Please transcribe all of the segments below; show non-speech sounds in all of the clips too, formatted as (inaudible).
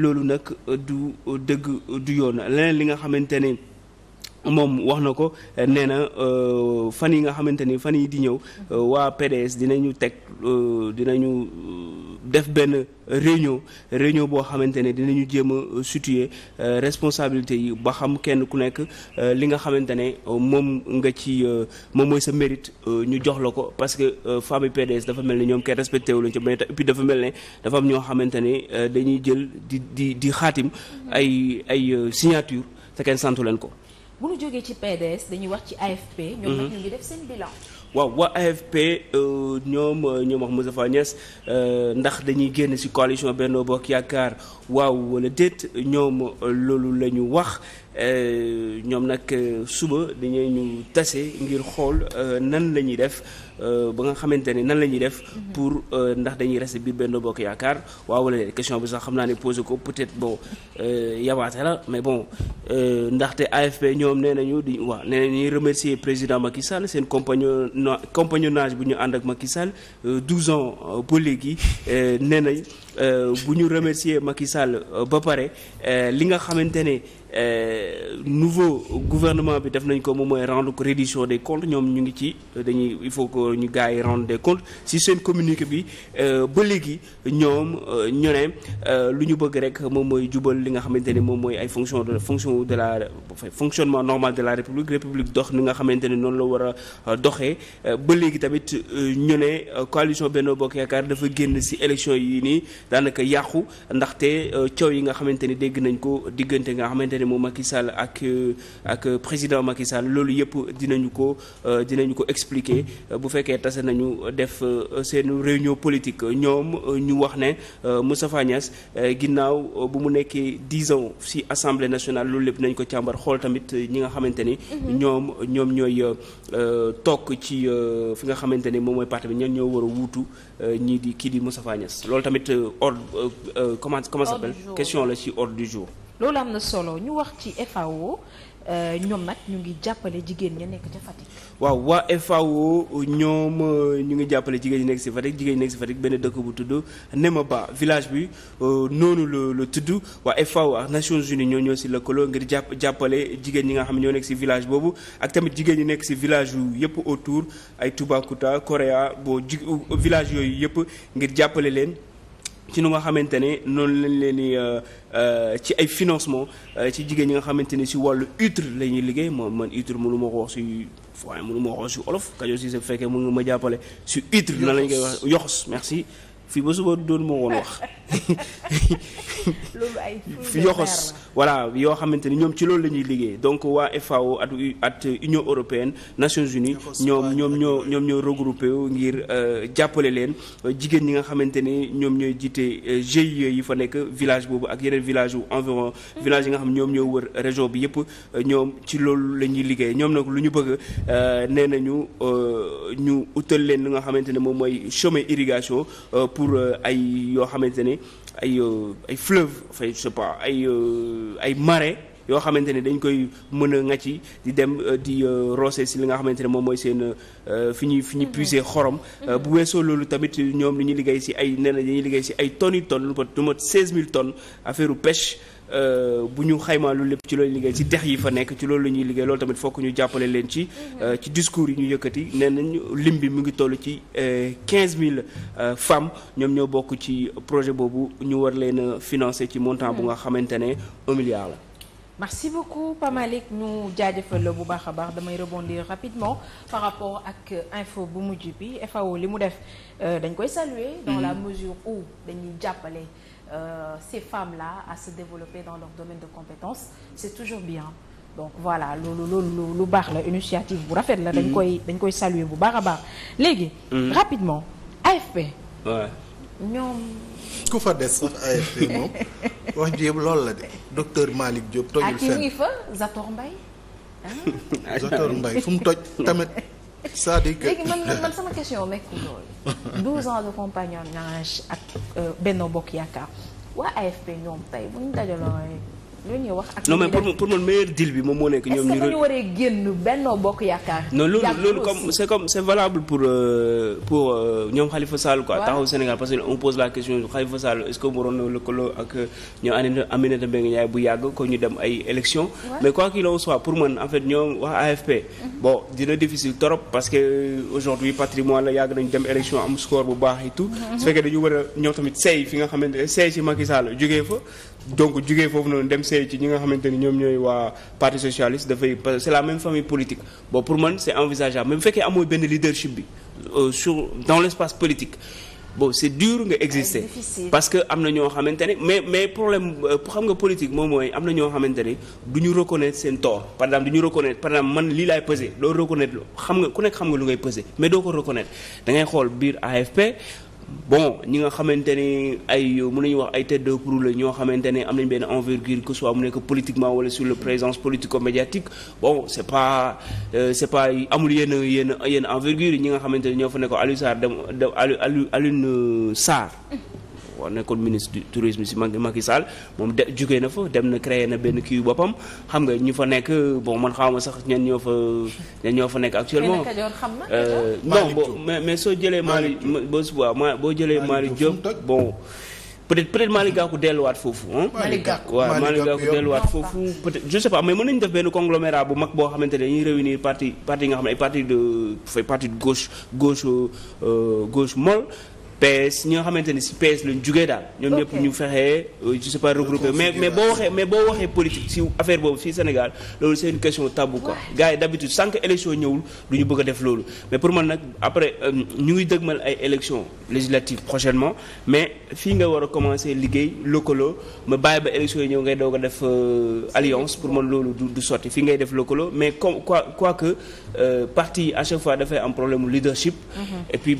loolu nag du dëgg du yoon leneen li nga xamante ne moom wax na ko eh, nee na euh, fan yi nga xamante ni fan yi di ñëw euh, waa PDS dinañu teg euh, dinañu def benn réunion réunion boo xamante ne dinañu jéem a situer responsabilité yi ba xam kenn ku nekk li nga xamante ne moom nga ci moom mooy sa mérite ñu jox la ko parce que famille PDS dafa mel ne ñoom kenn respecté wu lañ ci ba et dafa mel ne dafa am ñoo xamante ne dañuy jël di di di xaatim ay ay signature te kenn santu leen ko bu ñu jógee ci PDS dañuy wax ci AFP. ñoom nag mhm. ñu ngi def seen bilan. waaw waa AFP euh, ñoom euh, ñoom wax Moustapha Niasse euh, ndax dañuy génn ci coalition benn Bokk Yaakaar waaw wala déet ñoom loolu la ñu wax. Euh, ñoom nag euh, suba dañu ñu tase ngir xool euh, nan la ñuy def ba nga xamante ne nan la ñuy def. pour ndax dañuy rester bi benn bokk yaakaar waaw wala question bi sax xam naa ne posé ko peut-être bon yabaate la mais bon ndaxte AFP ñoom nee nañu di waaw nee nañuy remercier président Macky Sall seen compagnon compagnonnage bu ñu ànd ak Macky Sall 12 ans ba léegi nee nañ. Euh, bu ñu remercier Macky Sall euh, ba pare euh, li nga xamante ne nouveau gouvernement bi def nañ ko moom mooy rendre ko reddition des comptes ñoom ñu ngi ci dañuy il faut que ñu gars yi rendre des comptes si seen communiqué bi ba léegi ñoom ñu ne lu ñu bëgg rek moom mooy jubal li nga xamante ne moom mooy ay fonction de fonction de la fonctionnement normal de la république république dox li nga xamante ne noonu la war a doxee ba léegi tamit ñu ne coalition benn Bokk dafa génn si élection yi nii daanaka yàqu ndaxte euh, coow yi nga xamante ni dégg nañ ko diggante nga xamante ne moom Macky Sall ak euh, ak président Macky Sall loolu yëpp dinañu ko euh, dinañu ko expliquer bu fekkee tase nañu def seen réunion politique ñoom ñu wax ne Moustapha Niass ginnaaw bu mu nekkee dix ans ci assemblée nationale loolu lépp nañ ko càmbar xool tamit ñi nga xamante ni. Mhm. ñoom ñoom ñooy toog ci fi nga xamante ni moom mooy parti bi ñoom ñoo war a wuutu ñii di kii di Moustapha Niass loolu tamit. ordre euh, euh, comment comment ça s'appelle question la ci ordre du jour. loolu am na solo ñu wax ci FAO euh, ñoom nag ñu ngi jàppale jigéen ña nekk ca Fatick. waaw ñu ngi jàppale jigéen ñi nekk si Fatick jigéen ñi nekk si Fatick benn dëkk bu tudd Nemaba village bi noonu la la tudd waa FAO ak Nations Unies ñoo ñoo si lëkkaloo ngir jàpp jàppale jigéen ñi nga xam ñoo nekk si village boobu ak tamit jigéen ñi nekk si village yu yëpp autour ay Toubacouta Korea boo ji village yooyu yëpp ngir jàppale leen. ci nu nga xamante ne noonu lañ leen di euh, euh, ci ay financement euh, ci jigéen ñi nga xamante ne si wàllu UTRE la ñuy liggéey moom man UTRE mënu ma ko wax si waaye mënu ma ko wax si olof Kajoor si sa fekkee mën nga ma jàppale si UTRE. na lañ koy wax yoxos merci. fii ba suba doon moo woon wax. (laughs) yoxos voilà yoo xamante ni ñoom ci loolu la ñuy liggéey donc waa FAO at at Union européenne Nations Unies ñoom ñoom ñoo ñoom ñoo regroupé wu ngir euh, jàppale leen jigéen ñi nga xamante ne ñoom ñooy jiite euh, GIE yi fa nekk village boobu ak yeneen village wu environ mhm. village yi nga xam ñoom ñoo wër région bi yëpp euh, ñoom ci loolu la ñuy liggéey ñoom nag lu ñu bëgg nee nañu ñu utal leen li nga xamante ne moom mooy chemin irrigation pour euh, ay yoo xamante ne ay euh, ay fleuve enfin je sais pas ay euh, ay marais yoo xamante ne dañ koy mën a nga ci di dem euh, di euh, roose si li nga xamante ne moom mooy seen euh, fi ñuy fi ñuy mm-hmm. puiser xorom mm-hmm. bu weesoo loolu tamit ñoom li ñu liggéey si ay nee na dañuy liggéey si ay tonnes yu tonnes lu mat lu mat seize mille tonnes affaire pêche bu ñu xaymaa loolu lépp ci loolu liggéey ci dex yi fa nekk ci loolu la ñuy liggéey loolu tamit fokk ñu jàppale leen ci mm-hmm. ci discours yi ñu yëkkati nee nañ lim bi mu ngi toll ci quinze mille femmes ñoom ñoo bokk ci projet boobu ñu war leen a financer ci montant bu nga xamante ne un merci beaucoup Pa Malick ñu jaajëfal la bu baax a baax damay rebondir rapidement par rapport ak euh, info bu mujj bi FAO li mu def euh, dañ koy saluer dans mm-hmm. la mesure où dañuy jàppale euh, ces femmes là à se développer dans leur domaine de compétence c'est toujours bien donc voilà loolu loolu lu baax la initiative bu rafet la dañ mm-hmm. koy dañ koy saluer bu baax a baax léegi mm-hmm. rapidement AFP ñoom. ku fa des AFP moom wax ji yëpp loolu la de docteur Malick Diop. tojul ah, fenn ak ngi fa Zator Mbaye. Ah. Zator Mbaye fu mu toj tamit. c'est-à-dire que léegi man man sama question nekkul loolu. 12 ans de compagnonnage ak euh, Benno Bokk Yaakaar waa AFP ñoom tey bu ñu dajaloo lu ñuy wax ak. non mais pour pour man meilleur deal bi moom moo nekk ñoom. ñu est-ce ñu waree génn Benno Bokk Yaakaar. non loolu comme c'est comme c'est valable pour euh, pour euh, ñoom Khalifa Sall quoi. taxaw Sénégal parce que on pose la question Khalifa Sall est-ce que waroon na lëkkaloo euh, bu yàgg ko ñu dem ay élections. mais quoi qu'il soit pour man en fait ñoom wax AFP. Mhm. bon dina difficile trop parce que aujourd'hui patrimoine la yàgg nañu dem élection am score bu baax et tout. Mhm. su fekkee dañu war a tamit seey fi nga xamante ne seey ci Macky Sall jógee fa. donc jugee foofu noonu dem seey ci ñi nga xamante ni ñoom ñooy waa parti socialiste dafay parce que c'est la même famille politique bon pour man c'est envisageable mais bu fekkee amoo benn leadership bi euh, sur dans l'espace politique bon c'est dur nga exister parce que am na ñoo xamante ne mais mais problème euh, xam nga politique moom mooy am na ñoo xamante ne du ñu reconnaître seen tort par exemple du ñu reconnaître par exemple man lii laay peser doo reconnaître xam nga ku nekk xam nga lu ngay peser mais doo ko reconnaître da ngay xool biir bon ñi nga xamante ne ay mën nañu wax ay tête de la ñoo xamante ne am nañ benn envergure que soit mu nekk politiquement wala sur le présence politico-médiatique bon c'est pas euh, c'est pas amul yenn yenn yenn envergure yi ñi nga xamante ne ñoo fa nekk Aliou Sarr dem Aliou Aliou Alioune Sarr moo nekkoon ministre du tourisme si Macky Sall moom de jugee na fa dem na créé na benn kii boppam xam nga ñu fa nekk bon man xawma sax ñen ñoo fa ñen ñoo fa nekk actuellement euh, non bo mais mais soo jëlee Malick boo suba ma boo jëlee Malick Diop bon peut-être peut-être Malick Gakou delluwaat foofu Malick Gakou waaw Malick delluwaat foofu peut-être je sais mais mën nañu def benn conglomérat bu mag boo xamante ne dañuy réunir parti parti yi nga xam ne ay parti de fay parti euh, PS ñi nga xamante ni si PS lañ jugee daal. ñoom ñëpp ñu fexe euh, je sais pas regroupé mais mais boo waxee mais boo waxee politique si affaire boobu fii Sénégal loolu c'est une question tabou quoi gars yi d'habitude élection ñëwul du bëgg a def loolu mais pour man nag après euh, ñu ngi dëgmal ay élection législative prochainement mais fii nga war a commencer liggéey lëkkaloo ma bàyyi ba élection yi ñëw ngay doog a def euh, alliance pour man loolu du sotti fii ngay def lëkkaloo mais comme quoi quoi que parti à chaque fois dafay am problème leadership. Mm-hmm. et puis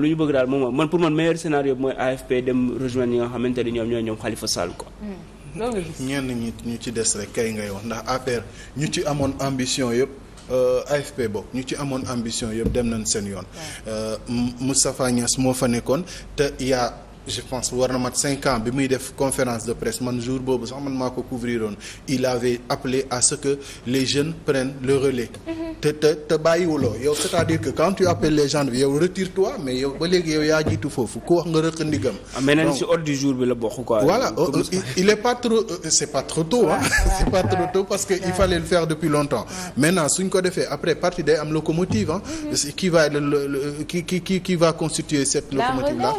moom lu ñu bëgg daal moom man pour man meilleur scénario bi mooy AFP dem rejoindre ñi nga xamante ni ñoom ñooy ñoom Khalifa Sall quoi. Hmm. loolu ñenn ñi ñu ci des rek kay ngay wax ndax APR ñu ci amoon ambition yëpp. Euh, AFP bokk ñu ci amoon ambition yëpp dem nañ seen yoon. Euh, Moustapha Niass moo fa nekkoon te yaa je pense war na mat cinq ans bi muy def conférence de presse man jour boobu sax man maa ko couvrir woon il avait appelé à ce que les jeunes prennent le relais. Mhm. te te te bàyyiwuloo yow c'est-à-dire que quand tu appelles les gens yow retire-toi mais yow ba léegi yow yaa jiitu foofu ku wax nga rëq ndigam. Ah, donc jour la bokk quoi. voilà il est pas trop euh, euh, (laughs) c'est pas trop tôt parce que il fallait le faire depuis longtemps. maintenant suñ ko defee après parti day am locomotive ah. qui va le qui qui qui va constituer cette locomotive là.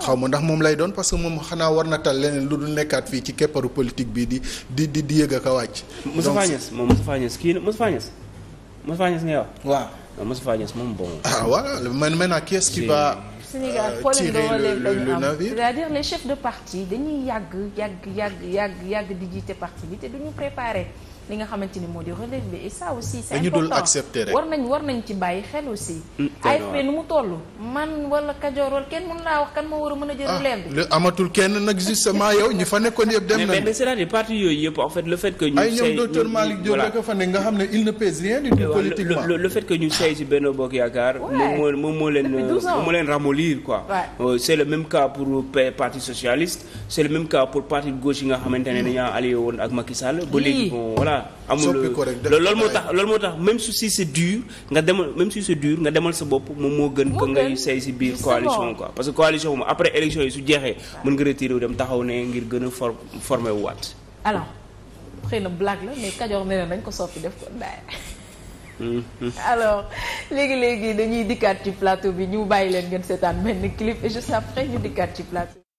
xaw ma ndax moom lay doon parce que moom xanaa war na tal lu dul nekkaat fii ci kepparu politique bii di di di di yëg ak a wàcc. donc Moustapha Niass moom Moustapha Niass kii Moustapha Niass waa Niass ngay wax. waaw non moom bon. ah voilà man maintenant ah, qui est-ce qui va. Sénégal euh, problème dooleem dañu c'est-à-dire les chefs de parti dañuy yàgg yàgg yàgg yàgg yàgg di jiite parti bi te duñu préparé. li nga xamante ni moo di relève bi et ça aussi c'est important war nañ war nañ ci bàyyi xel aussi mm, mm, AFP nu mu toll man wala Kajoor wala kenn mën laa wax kan moo war mën ah, amatul kenn nag justement yow ñi fa nekkoon yëpp dem nañ yooyu yëpp en le fait que ñu ne nga xam ne il ne pèse rien du tout le fait que ñu sey moom moom moo leen moo leen ramollir quoi euh, c'est le même cas pour parti socialiste c'est le même cas pour parti de gauche yi nga xamante ne mm. dañaa allié woon ak Macky Sall ba léegi voilà amul loolu moo tax loolu moo tax même si c'est dur nga demal même si c'est dur nga demal sa bopp moom moo gën ko ngay say si biir coalition quoi parce que coalition moom après élection yi su jeexee mën nga retiré dem taxaw ne ngir gën a for formé wu waat alors la mais Kajoor nee na ko soppi def ko daay hmm, hmm. alors léegi-léegi dañuy dikkaat ci plateau bi ñu bàyyi leen ngeen seetaan benn clip et juste après ñu dikkaat ci plateau